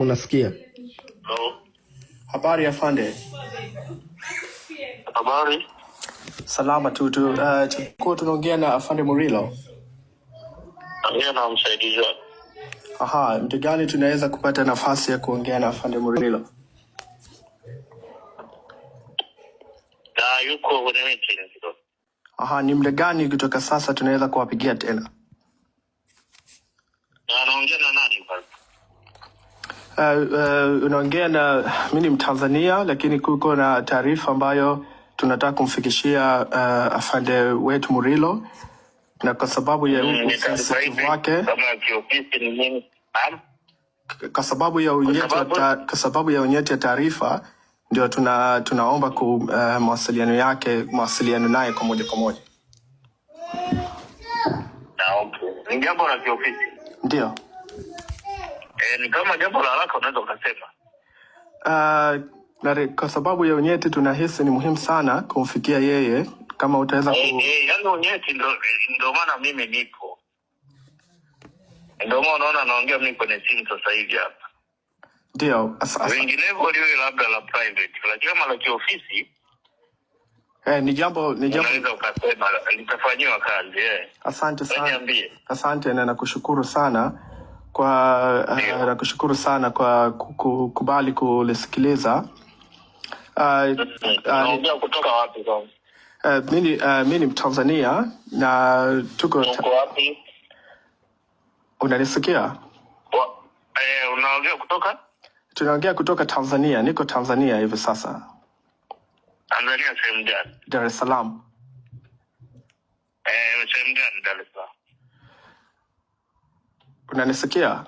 Unasikia? Hello. Habari ya Fande. Habari. Salama tu tu. Uh, tulikuwa tunaongea na Afande Murilo. Yeye na msaidizi wake. Aha, mtu gani tunaweza kupata nafasi ya kuongea na Afande Murilo? Da, yuko kwenye meeting. Aha, ni mle gani kutoka sasa tunaweza kuwapigia tena? Na anaongea na nani bwana? uh, unaongea na mi ni Mtanzania, lakini kuko na taarifa ambayo tunataka kumfikishia uh, afande wetu Murilo, na kwa sababu ya mm, usensitivu wake kwa sababu ya unyeti ya taarifa ndio tuna, tunaomba ku uh, mawasiliano yake mawasiliano naye kwa moja kwa moja. Ndio. Eh, ni kama jambo la haraka unaweza ukasema uh, kwa sababu ya Unyeti tunahisi ni muhimu sana kumfikia yeye kama utaweza eh, ku... hey, eh, hey, yani Unyeti ndo, ndo maana mimi nipo ndo maana unaona naongea mimi kwenye simu sasa hivi hapa ndio vinginevyo liwe labda la private lakini kama la kiofisi Eh, ni jambo ni jambo unaweza ukasema litafanyiwa kazi eh. Asante sana. Niambie. Asante na nakushukuru sana kwa uh, nakushukuru sana kwa kukubali kulisikiliza. Uh, uh, uh, mi ni Mtanzania na tuko Unanisikia? Eh, Tunaongea kutoka Tanzania, niko Tanzania hivi sasa. Tanzania sehemu Dar es Salaam. Eh, sehemu gani Dar es Salaam? Unanisikia?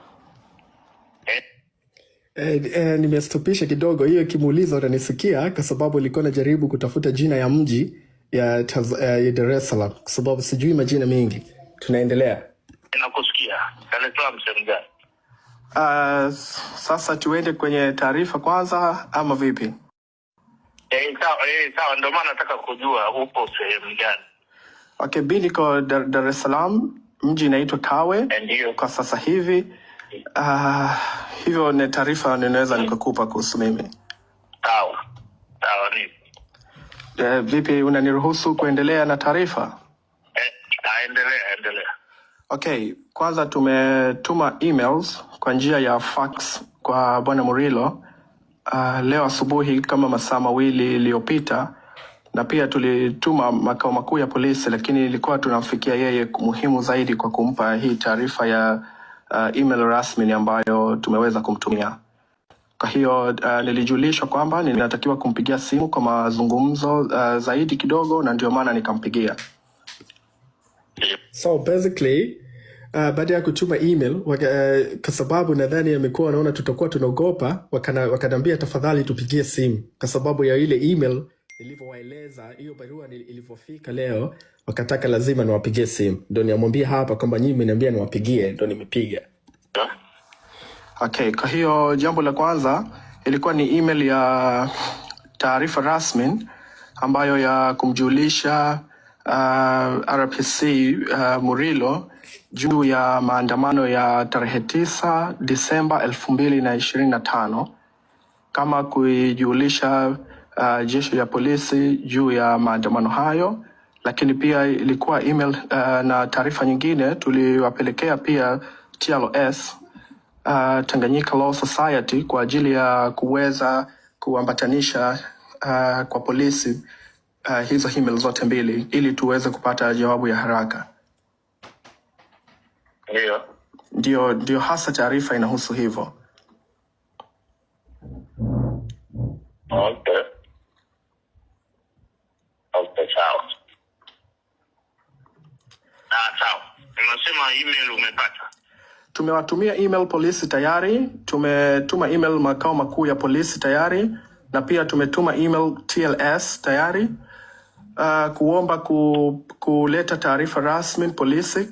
Eh, eh, nimestupisha kidogo hiyo kimuuliza unanisikia, kwa sababu ilikuwa najaribu kutafuta jina ya mji ya, ya Dar es Salaam kwa sababu sijui majina mengi. Tunaendelea. Nakusikia. Uh, ah, sasa tuende kwenye taarifa kwanza ama vipi? Eh, sawa, eh, sawa ndio maana nataka kujua upo sehemu gani. Okay, bi niko Dar es Salaam mji inaitwa Kawe kwa sasa hivi. Uh, hivyo ni taarifa ninaweza mm. nikakupa kuhusu mimi. Uh, vipi, unaniruhusu kuendelea na taarifa? Eh, endelea. Okay, kwanza tumetuma emails kwa njia ya fax kwa bwana Murilo uh, leo asubuhi kama masaa mawili iliyopita na pia tulituma makao makuu ya polisi, lakini ilikuwa tunamfikia yeye muhimu zaidi kwa kumpa hii taarifa ya uh, email rasmi ambayo tumeweza kumtumia. Kwa hiyo uh, nilijulishwa kwamba ninatakiwa kumpigia simu kwa mazungumzo uh, zaidi kidogo, na ndio maana nikampigia. So basically Uh, baada ya kutuma email uh, kwa sababu nadhani amekuwa anaona tutakuwa tunaogopa, wakanaambia tafadhali tupigie simu kwa sababu ya ile email nilivyowaeleza hiyo barua ilivyofika leo, wakataka lazima niwapigie simu, ndo niamwambia hapa kwamba nyinyi mmeniambia niwapigie, ndo nimepiga. Okay, kwa hiyo jambo la kwanza ilikuwa ni email ya taarifa rasmi ambayo ya kumjulisha uh, RPC uh, Murilo juu ya maandamano ya tarehe tisa Disemba elfu mbili na ishirini na tano kama kuijulisha uh, jeshi la polisi juu ya maandamano hayo, lakini pia ilikuwa email uh, na taarifa nyingine tuliwapelekea pia TLS uh, Tanganyika Law Society kwa ajili ya kuweza kuambatanisha uh, kwa polisi uh, hizo email zote mbili ili tuweze kupata jawabu ya haraka. Ndio, ndio, ndio hasa taarifa inahusu hivyo. Okay. wanasema email umepata? Tumewatumia email polisi tayari, tumetuma email makao makuu ya polisi tayari, na pia tumetuma email TLS tayari, uh, kuomba ku, kuleta taarifa rasmi polisi,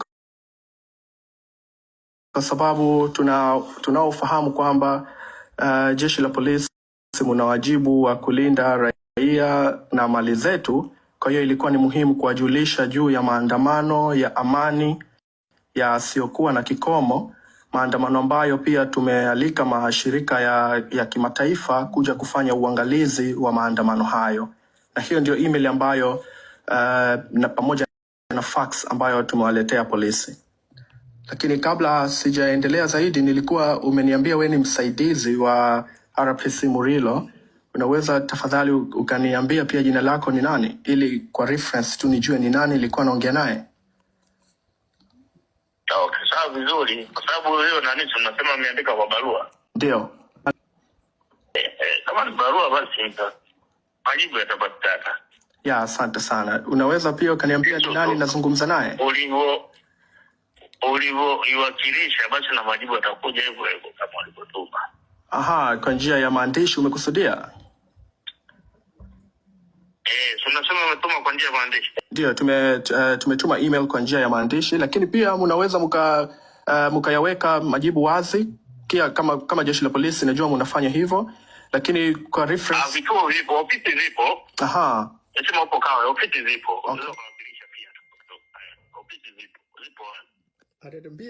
kwa sababu tuna tunaofahamu kwamba uh, jeshi la polisi muna wajibu wa kulinda raia na mali zetu. Kwa hiyo ilikuwa ni muhimu kuwajulisha juu ya maandamano ya amani yasiyokuwa na kikomo, maandamano ambayo pia tumealika mashirika ya, ya kimataifa kuja kufanya uangalizi wa maandamano hayo, na hiyo ndio email ambayo uh, na pamoja na fax ambayo tumewaletea polisi. Lakini kabla sijaendelea zaidi, nilikuwa umeniambia we ni msaidizi wa RPC Murilo. Unaweza tafadhali ukaniambia pia jina lako ni nani, ili kwa reference tu nijue ni nani ilikuwa naongea naye? kukaa vizuri, kwa sababu hiyo nani tunasema ameandika kwa barua, ndio eh, eh, kama ni barua basi majibu yatapatikana. Ya, asante sana. Unaweza pia ukaniambia ni nani nazungumza naye ulivyo ulivyoiwakilisha, basi na majibu yatakuja hivyo hivyo kama ulivyotuma. Aha, kwa njia ya maandishi umekusudia? tunasema eh, umetuma kwa njia ya maandishi? Ndio, tume uh, tumetuma email kwa njia ya maandishi, lakini pia mnaweza mka uh, eh, mkayaweka majibu wazi kia, kama kama jeshi la polisi najua mnafanya hivyo, lakini kwa reference ah, vituo vipo, ofisi zipo. Aha, upo kawe, ofisi zipo. Okay.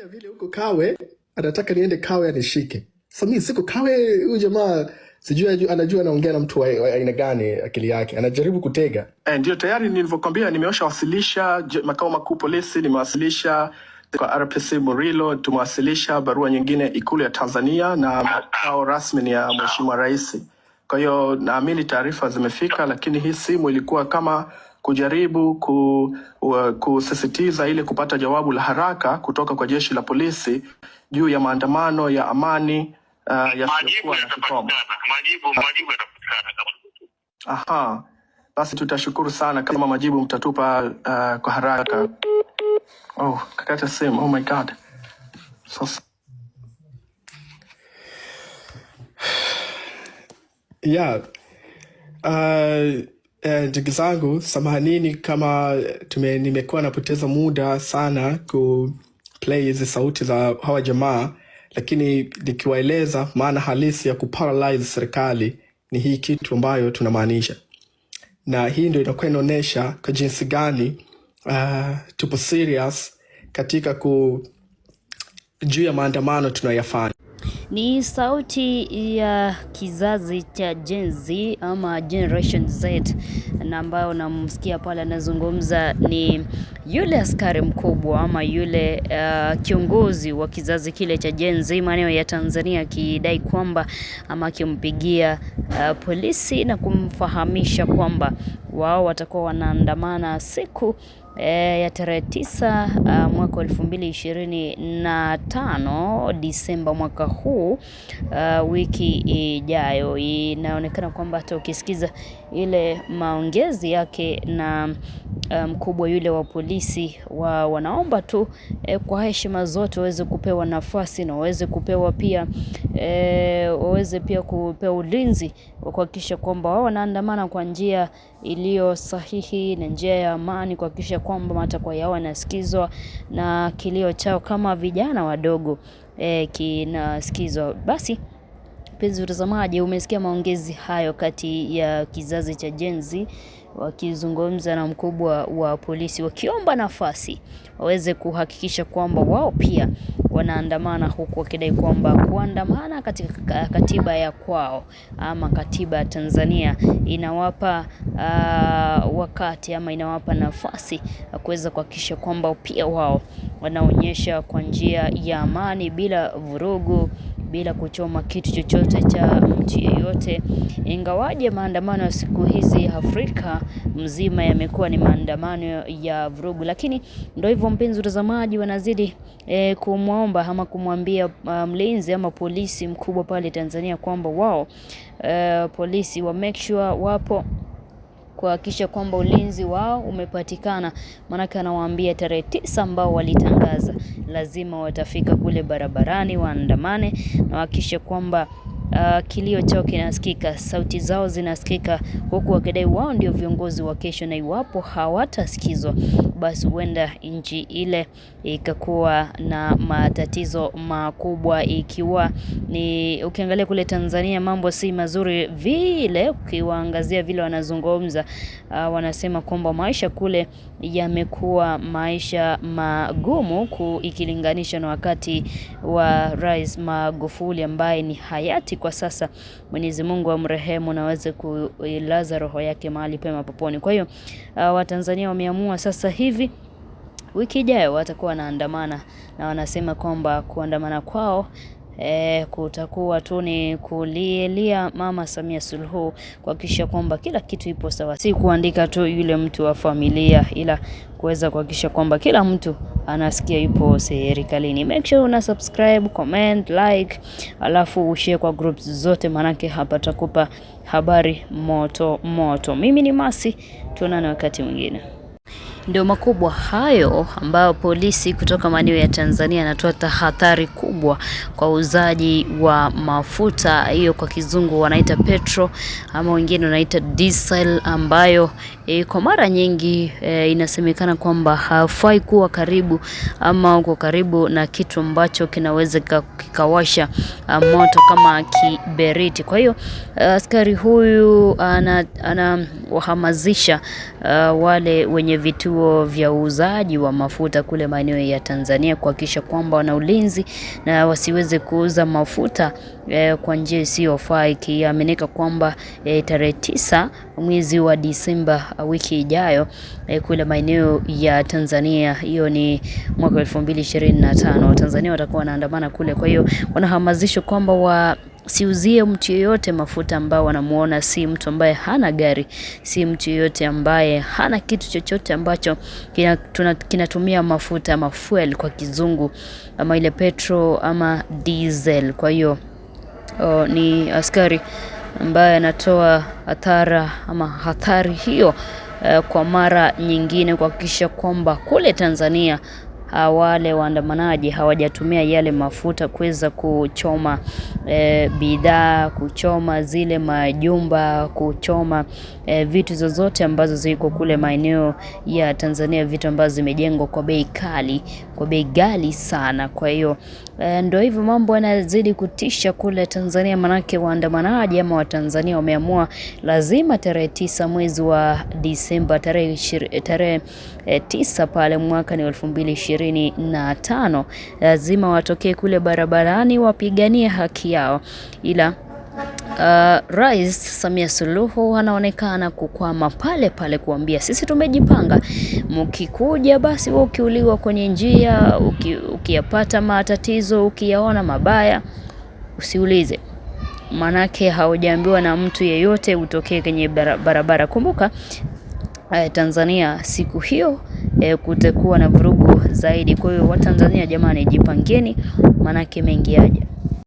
vile huko Kawe, anataka niende Kawe anishike. Sasa mimi siko Kawe, huyu jamaa sijui anajua anaongea na mtu wa aina gani, akili yake anajaribu kutega. Eh, ndio tayari nilivyokwambia, nimeshawasilisha makao makuu polisi, nimewasilisha kwa RPC Murilo, tumewasilisha barua nyingine ikulu ya Tanzania na makao rasmi ni ya mweshimuwa rahisi Kwa hiyo naamini taarifa zimefika, lakini hii simu ilikuwa kama kujaribu ku, uh, kusisitiza ili kupata jawabu la haraka kutoka kwa jeshi la polisi juu ya maandamano ya amani uh, basi tutashukuru sana kama majibu mtatupa uh, kwa haraka. Oh, kakata simu. Oh my God. Sasa yeah. Uh, ndugu zangu samahanini kama tume, nimekuwa napoteza muda sana ku play hizi sauti za hawa jamaa lakini likiwaeleza maana halisi ya kuparalyze serikali ni hii kitu ambayo tunamaanisha, na hii ndio inakuwa inaonyesha kwa jinsi gani uh, tupo serious katika ku juu ya maandamano tunayoyafanya. Ni sauti ya kizazi cha Gen Z ama Generation Z, na ambayo namsikia pale anazungumza ni yule askari mkubwa ama yule uh, kiongozi wa kizazi kile cha Gen Z maeneo ya Tanzania, akidai kwamba ama akimpigia uh, polisi na kumfahamisha kwamba wao watakuwa wanaandamana siku e, ya tarehe tisa ah, mwaka wa elfu mbili ishirini na tano Disemba mwaka huu a, ah, wiki ijayo. Inaonekana kwamba hata ukisikiza ile maongezi yake na ah, mkubwa um, yule wa polisi wa wanaomba tu e, kwa heshima zote waweze kupewa nafasi na waweze kupewa pia e, waweze pia kupewa ulinzi wa kuhakikisha kwamba wao wanaandamana kwa njia iliyo sahihi na njia ya amani kuhakikisha kwamba matakwa yao yanasikizwa na kilio chao kama vijana wadogo eh, kinasikizwa. Basi mpenzi mtazamaji, umesikia maongezi hayo kati ya kizazi cha Gen Z wakizungumza na mkubwa wa polisi wakiomba nafasi waweze kuhakikisha kwamba wao pia wanaandamana huku wakidai kwamba kuandamana katika katiba ya kwao ama katiba ya Tanzania inawapa uh, wakati ama inawapa nafasi kuweza kuhakikisha kwamba pia wao wanaonyesha kwa njia ya amani bila vurugu bila kuchoma kitu chochote cha mtu yeyote. Ingawaje maandamano ya siku hizi Afrika mzima yamekuwa ni maandamano ya vurugu, lakini ndo hivyo mpenzi utazamaji, wanazidi e, kumwomba ama kumwambia ah, mlinzi ama polisi mkubwa pale Tanzania kwamba wao e, polisi wa make sure wapo kuhakikisha kwamba ulinzi wao umepatikana. Maanake anawaambia tarehe tisa ambao walitangaza lazima watafika kule barabarani waandamane na wahakikishe kwamba uh, kilio chao kinasikika, sauti zao zinasikika, huku wakidai wao ndio viongozi wa kesho, na iwapo hawatasikizwa basi huenda nchi ile ikakuwa na matatizo makubwa, ikiwa ni ukiangalia kule Tanzania mambo si mazuri vile. Ukiwaangazia vile wanazungumza, uh, wanasema kwamba maisha kule yamekuwa maisha magumu ku, ikilinganisha na wakati wa Rais Magufuli ambaye ni hayati kwa kwa sasa. Mwenyezi Mungu amrehemu na aweze kuilaza roho yake mahali pema poponi. Kwa hiyo uh, Watanzania wameamua sasa hivi wiki ijayo watakuwa wanaandamana na wanasema kwamba kuandamana kwao e, kutakuwa tu ni kulielia Mama Samia Suluhu kuhakikisha kwamba kila kitu ipo sawa, si kuandika tu yule mtu wa familia, ila kuweza kuhakikisha kwamba kila mtu anasikia yupo serikalini. Make sure una subscribe, comment, like, alafu ushare kwa groups zote, manake hapa takupa habari moto moto. Mimi ni Masi, tuonane wakati mwingine. Ndio makubwa hayo ambayo polisi kutoka maeneo ya Tanzania anatoa tahadhari kubwa kwa uuzaji wa mafuta, hiyo kwa kizungu wanaita petro ama wengine wanaita diesel ambayo E, kwa mara nyingi e, inasemekana kwamba hafai kuwa karibu ama uko karibu na kitu ambacho kinaweza kikawasha moto kama kiberiti. Kwa hiyo e, askari huyu anawahamasisha ana, uh, wale wenye vituo vya uuzaji wa mafuta kule maeneo ya Tanzania kuhakikisha kwamba wana ulinzi na wasiweze kuuza mafuta e, kwa njia isiyofaa ikiaminika kwamba e, tarehe tisa mwezi wa Disemba uh, wiki ijayo e, kule maeneo ya Tanzania, hiyo ni mwaka wa 2025 Watanzania watakuwa wanaandamana kule. Kwa hiyo wanahamasishwa kwamba wa siuzie mtu yeyote mafuta ambao wanamuona si mtu ambaye hana gari, si mtu yeyote ambaye hana kitu chochote ambacho kinatumia kina mafuta ama fuel kwa kizungu ama ile petro ama diesel. Kwa hiyo o, ni askari ambaye anatoa hatara ama hatari hiyo eh, kwa mara nyingine kuhakikisha kwamba kule Tanzania wale waandamanaji hawajatumia yale mafuta kuweza kuchoma e, bidhaa, kuchoma zile majumba, kuchoma e, vitu zozote ambazo ziko kule maeneo ya Tanzania, vitu ambazo zimejengwa kwa bei kali kwa bei ghali sana. Kwa hiyo e, ndio hivyo mambo yanazidi kutisha kule Tanzania, manake waandamanaji ama Watanzania wameamua lazima tarehe tisa mwezi wa Disemba, tarehe eh, tarehe eh, tisa pale mwaka ni elfu mbili ishirini na tano lazima watokee kule barabarani wapiganie haki yao ila Uh, Rais Samia Suluhu anaonekana kukwama pale pale kuambia sisi tumejipanga, mkikuja basi wewe ukiuliwa kwenye njia, uki, ukiyapata matatizo, ukiyaona mabaya usiulize, manake haujaambiwa na mtu yeyote utokee kwenye barabara. Kumbuka eh, Tanzania siku hiyo uh, kutakuwa na vurugu zaidi. Kwa hiyo Watanzania, jamani, jipangeni, manake mengi yaja.